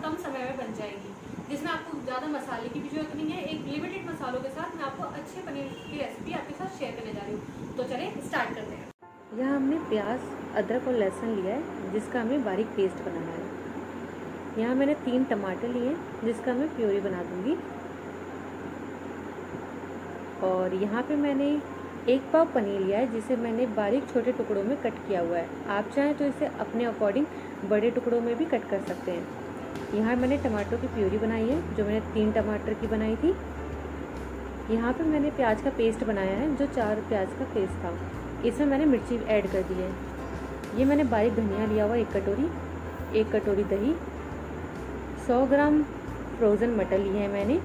बहुत कम समय में बन जाएगी जिसमें आपको ज़्यादा मसाले की भी जरूरत नहीं है एक लिमिटेड मसालों के साथ मैं आपको अच्छे पनीर की रेसिपी आपके साथ शेयर करने जा रही हूँ तो चले स्टार्ट करते हैं यहाँ हमने प्याज अदरक और लहसुन लिया है जिसका हमें बारीक पेस्ट बनाना है यहाँ मैंने तीन टमाटर लिए हैं जिसका मैं प्योरी बना दूँगी और यहाँ पे मैंने एक पाव पनीर लिया है जिसे मैंने बारीक छोटे टुकड़ों में कट किया हुआ है आप चाहें तो इसे अपने अकॉर्डिंग बड़े टुकड़ों में भी कट कर सकते हैं यहाँ मैंने टमाटर की प्यूरी बनाई है जो मैंने तीन टमाटर की बनाई थी यहाँ पर मैंने प्याज का पेस्ट बनाया है जो चार प्याज का पेस्ट था इसमें मैंने मिर्ची ऐड कर दी है ये मैंने बारीक धनिया लिया हुआ एक कटोरी एक कटोरी दही 100 ग्राम फ्रोज़न मटर लिए हैं मैंने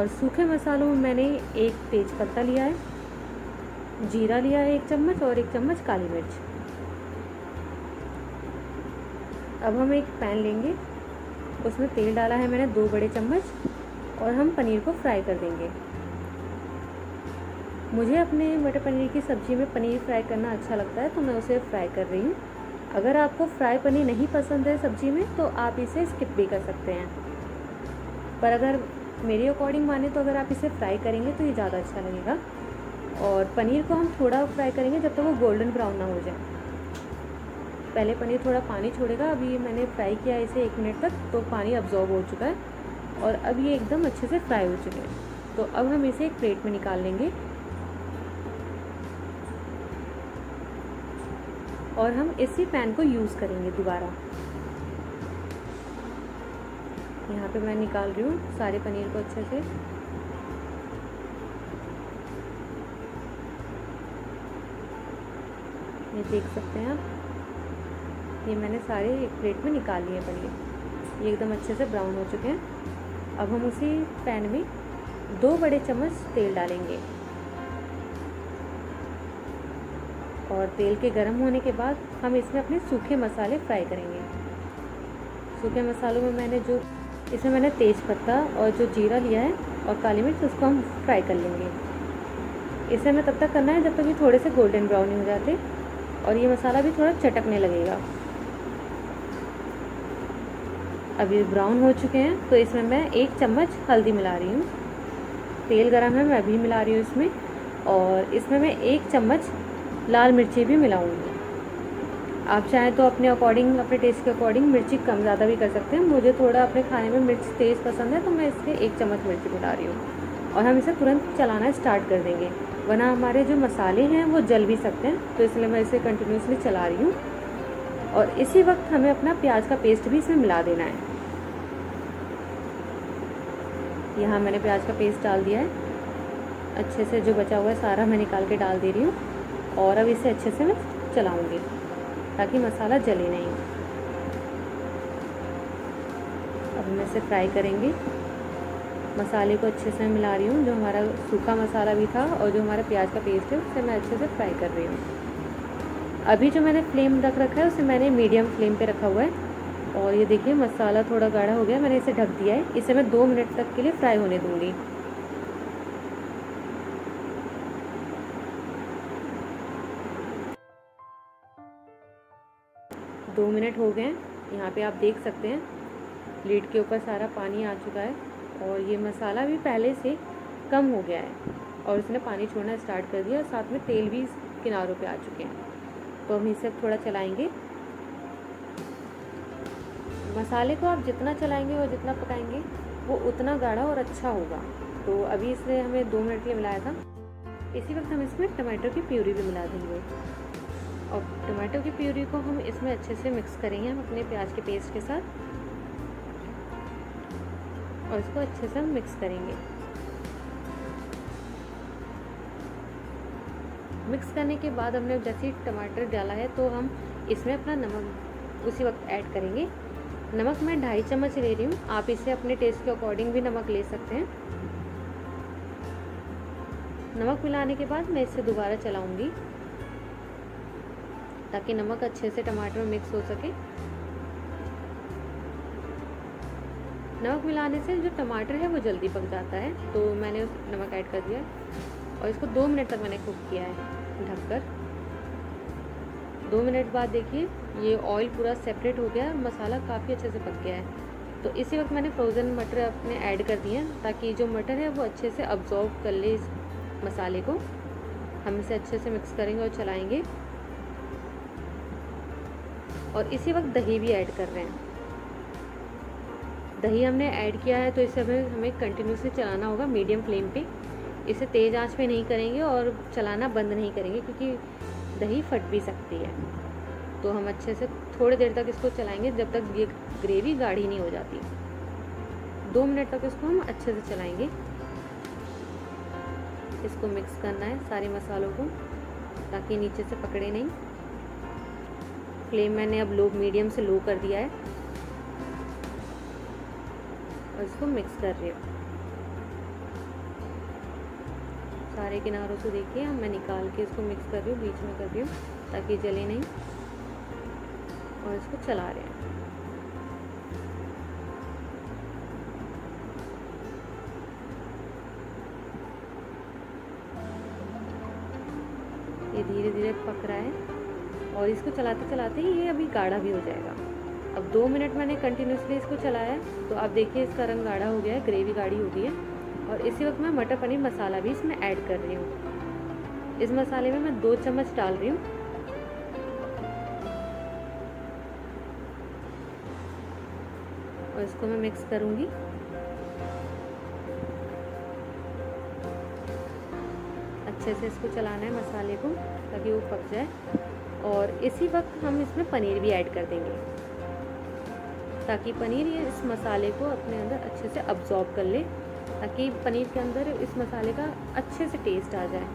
और सूखे मसालों में मैंने एक तेज पत्ता लिया है जीरा लिया है एक चम्मच और एक चम्मच काली मिर्च अब हम एक पैन लेंगे उसमें तेल डाला है मैंने दो बड़े चम्मच और हम पनीर को फ्राई कर देंगे मुझे अपने मटर पनीर की सब्ज़ी में पनीर फ्राई करना अच्छा लगता है तो मैं उसे फ्राई कर रही हूँ अगर आपको फ्राई पनीर नहीं पसंद है सब्ज़ी में तो आप इसे स्किप भी कर सकते हैं पर अगर मेरे अकॉर्डिंग माने तो अगर आप इसे फ्राई करेंगे तो ये ज़्यादा अच्छा लगेगा और पनीर को हम थोड़ा फ्राई करेंगे जब तक तो वो गोल्डन ब्राउन ना हो जाए पहले पनीर थोड़ा पानी छोड़ेगा अभी ये मैंने फ्राई किया है इसे एक मिनट तक तो पानी अब्जॉर्ब हो चुका है और अब ये एकदम अच्छे से फ्राई हो चुके हैं तो अब हम इसे एक प्लेट में निकाल लेंगे और हम इसी पैन को यूज़ करेंगे दोबारा यहाँ पे मैं निकाल रही हूँ सारे पनीर को अच्छे से ये देख सकते हैं आप ये मैंने सारे एक प्लेट में निकाल लिए पनीर ये एकदम अच्छे से ब्राउन हो चुके हैं अब हम उसी पैन में दो बड़े चम्मच तेल डालेंगे और तेल के गर्म होने के बाद हम इसमें अपने सूखे मसाले फ्राई करेंगे सूखे मसालों में मैंने जो इसमें मैंने तेज़ पत्ता और जो जीरा लिया है और काली मिर्च उसको हम फ्राई कर लेंगे इसे हमें तब तक करना है जब तक तो ये थोड़े से गोल्डन ब्राउन हो जाते और ये मसाला भी थोड़ा चटकने लगेगा अभी ब्राउन हो चुके हैं तो इसमें मैं एक चम्मच हल्दी मिला रही हूँ तेल गरम है मैं अभी मिला रही हूँ इसमें और इसमें मैं एक चम्मच लाल मिर्ची भी मिलाऊंगी आप चाहें तो अपने अकॉर्डिंग अपने टेस्ट के अकॉर्डिंग मिर्ची कम ज़्यादा भी कर सकते हैं मुझे थोड़ा अपने खाने में मिर्च तेज़ पसंद है तो मैं इसके एक चम्मच मिर्ची मिला रही हूँ और हम इसे तुरंत चलाना स्टार्ट कर देंगे वरना हमारे जो मसाले हैं वो जल भी सकते हैं तो इसलिए मैं इसे कंटिन्यूसली चला रही हूँ और इसी वक्त हमें अपना प्याज का पेस्ट भी इसमें मिला देना है यहाँ मैंने प्याज का पेस्ट डाल दिया है अच्छे से जो बचा हुआ है सारा मैं निकाल के डाल दे रही हूँ और अब इसे अच्छे से मैं चलाऊँगी ताकि मसाला जले नहीं अब हम इसे फ्राई करेंगे मसाले को अच्छे से मिला रही हूँ जो हमारा सूखा मसाला भी था और जो हमारा प्याज का पेस्ट है उसे मैं अच्छे से फ्राई कर रही हूँ अभी जो मैंने फ्लेम रख रखा है उसे मैंने मीडियम फ्लेम पे रखा हुआ है और ये देखिए मसाला थोड़ा गाढ़ा हो गया मैंने इसे ढक दिया है इसे मैं दो मिनट तक के लिए फ्राई होने दूँगी दो मिनट हो गए हैं यहाँ पे आप देख सकते हैं प्लेट के ऊपर सारा पानी आ चुका है और ये मसाला भी पहले से कम हो गया है और उसने पानी छोड़ना स्टार्ट कर दिया और साथ में तेल भी किनारों पे आ चुके हैं तो हम इसे थोड़ा चलाएंगे मसाले को आप जितना चलाएंगे और जितना पकाएंगे वो उतना गाढ़ा और अच्छा होगा तो अभी इसने हमें दो मिनट के लिए मिलाया था इसी वक्त हम इसमें टमाटर की प्यूरी भी मिला देंगे और टमाटो की प्यूरी को हम इसमें अच्छे से मिक्स करेंगे हम अपने प्याज के पेस्ट के साथ और इसको अच्छे से हम मिक्स करेंगे मिक्स करने के बाद हमने जैसे ही टमाटर डाला है तो हम इसमें अपना नमक उसी वक्त ऐड करेंगे नमक मैं ढाई चम्मच ले रही हूँ आप इसे अपने टेस्ट के अकॉर्डिंग भी नमक ले सकते हैं नमक मिलाने के बाद मैं इसे दोबारा चलाऊँगी ताकि नमक अच्छे से टमाटर में मिक्स हो सके नमक मिलाने से जो टमाटर है वो जल्दी पक जाता है तो मैंने उस नमक ऐड कर दिया और इसको दो मिनट तक मैंने कुक किया है ढककर दो मिनट बाद देखिए ये ऑयल पूरा सेपरेट हो गया है और मसाला काफ़ी अच्छे से पक गया है तो इसी वक्त मैंने फ्रोज़न मटर अपने ऐड कर दिए हैं ताकि जो मटर है वो अच्छे से अब्जॉर्व कर ले इस मसाले को हम इसे अच्छे से मिक्स करेंगे और चलाएंगे और इसी वक्त दही भी ऐड कर रहे हैं दही हमने ऐड किया है तो इसे हमें हमें कंटिन्यूसली चलाना होगा मीडियम फ्लेम पे इसे तेज़ आंच पे नहीं करेंगे और चलाना बंद नहीं करेंगे क्योंकि दही फट भी सकती है तो हम अच्छे से थोड़ी देर तक इसको चलाएंगे जब तक ये ग्रेवी गाढ़ी नहीं हो जाती दो मिनट तक इसको हम अच्छे से चलाएंगे इसको मिक्स करना है सारे मसालों को ताकि नीचे से पकड़े नहीं फ्लेम मैंने अब लो मीडियम से लो कर दिया है और इसको मिक्स कर रही हूँ सारे किनारों से देखिए अब मैं निकाल के इसको मिक्स कर रही हूँ बीच में कर रही हूँ ताकि जले नहीं और इसको चला रहे हैं ये धीरे धीरे पक रहा है और इसको चलाते चलाते ये अभी गाढ़ा भी हो जाएगा अब दो मिनट मैंने कंटिन्यूसली इसको चलाया तो आप देखिए इसका रंग गाढ़ा हो गया है ग्रेवी गाढ़ी हो गई है और इसी वक्त मैं मटर पनीर मसाला भी इसमें ऐड कर रही हूँ इस मसाले में मैं दो चम्मच डाल रही हूँ और इसको मैं मिक्स करूँगी अच्छे से इसको चलाना है मसाले को ताकि वो पक जाए और इसी वक्त हम इसमें पनीर भी ऐड कर देंगे ताकि पनीर ये इस मसाले को अपने अंदर अच्छे से अब्जॉर्ब कर ले ताकि पनीर के अंदर इस मसाले का अच्छे से टेस्ट आ जाए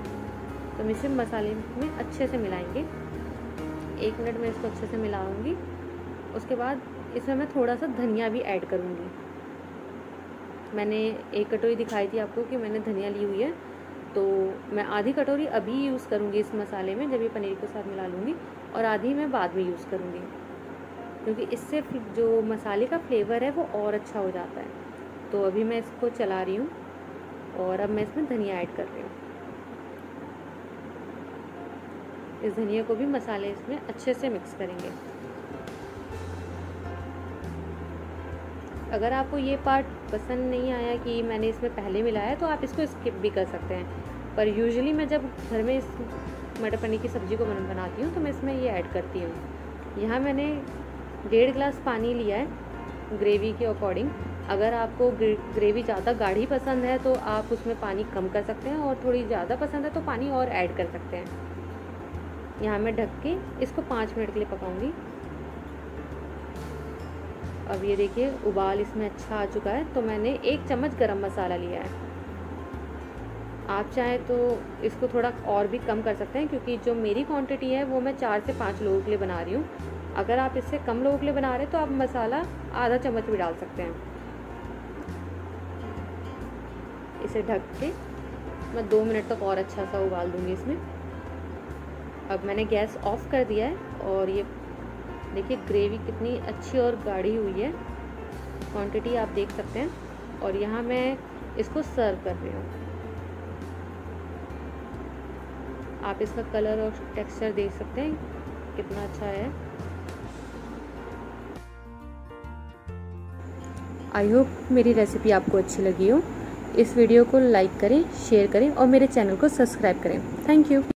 तो हम इसे मसाले में अच्छे से मिलाएंगे एक मिनट में इसको अच्छे से मिलाऊंगी उसके बाद इसमें मैं थोड़ा सा धनिया भी ऐड करूँगी मैंने एक कटोरी दिखाई थी आपको कि मैंने धनिया ली हुई है तो मैं आधी कटोरी अभी यूज़ करूँगी इस मसाले में जब ये पनीर के साथ मिला लूँगी और आधी मैं बाद में यूज़ करूँगी क्योंकि इससे जो मसाले का फ्लेवर है वो और अच्छा हो जाता है तो अभी मैं इसको चला रही हूँ और अब मैं इसमें धनिया ऐड कर रही हूँ इस धनिया को भी मसाले इसमें अच्छे से मिक्स करेंगे अगर आपको ये पार्ट पसंद नहीं आया कि मैंने इसमें पहले मिलाया तो आप इसको स्किप भी कर सकते हैं पर यूजुअली मैं जब घर में इस मटर पनीर की सब्ज़ी को बनाती हूँ तो मैं इसमें ये ऐड करती हूँ यहाँ मैंने डेढ़ गिलास पानी लिया है ग्रेवी के अकॉर्डिंग अगर आपको ग्रेवी ज़्यादा गाढ़ी पसंद है तो आप उसमें पानी कम कर सकते हैं और थोड़ी ज़्यादा पसंद है तो पानी और ऐड कर सकते हैं यहाँ मैं ढक के इसको पाँच मिनट के लिए पकाऊंगी अब ये देखिए उबाल इसमें अच्छा आ चुका है तो मैंने एक चम्मच गरम मसाला लिया है आप चाहें तो इसको थोड़ा और भी कम कर सकते हैं क्योंकि जो मेरी क्वांटिटी है वो मैं चार से पाँच लोगों के लिए बना रही हूँ अगर आप इससे कम लोगों के लिए बना रहे हैं तो आप मसाला आधा चम्मच भी डाल सकते हैं इसे ढक के मैं दो मिनट तक और अच्छा सा उबाल दूँगी इसमें अब मैंने गैस ऑफ कर दिया है और ये देखिए ग्रेवी कितनी अच्छी और गाढ़ी हुई है क्वांटिटी आप देख सकते हैं और यहाँ मैं इसको सर्व कर रही हूँ आप इसका कलर और टेक्सचर देख सकते हैं कितना अच्छा है आई होप मेरी रेसिपी आपको अच्छी लगी हो इस वीडियो को लाइक करें शेयर करें और मेरे चैनल को सब्सक्राइब करें थैंक यू